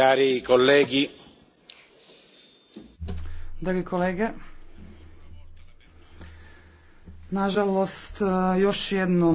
Cari colleghi. Dragi kolege, nažalost eh, još jednom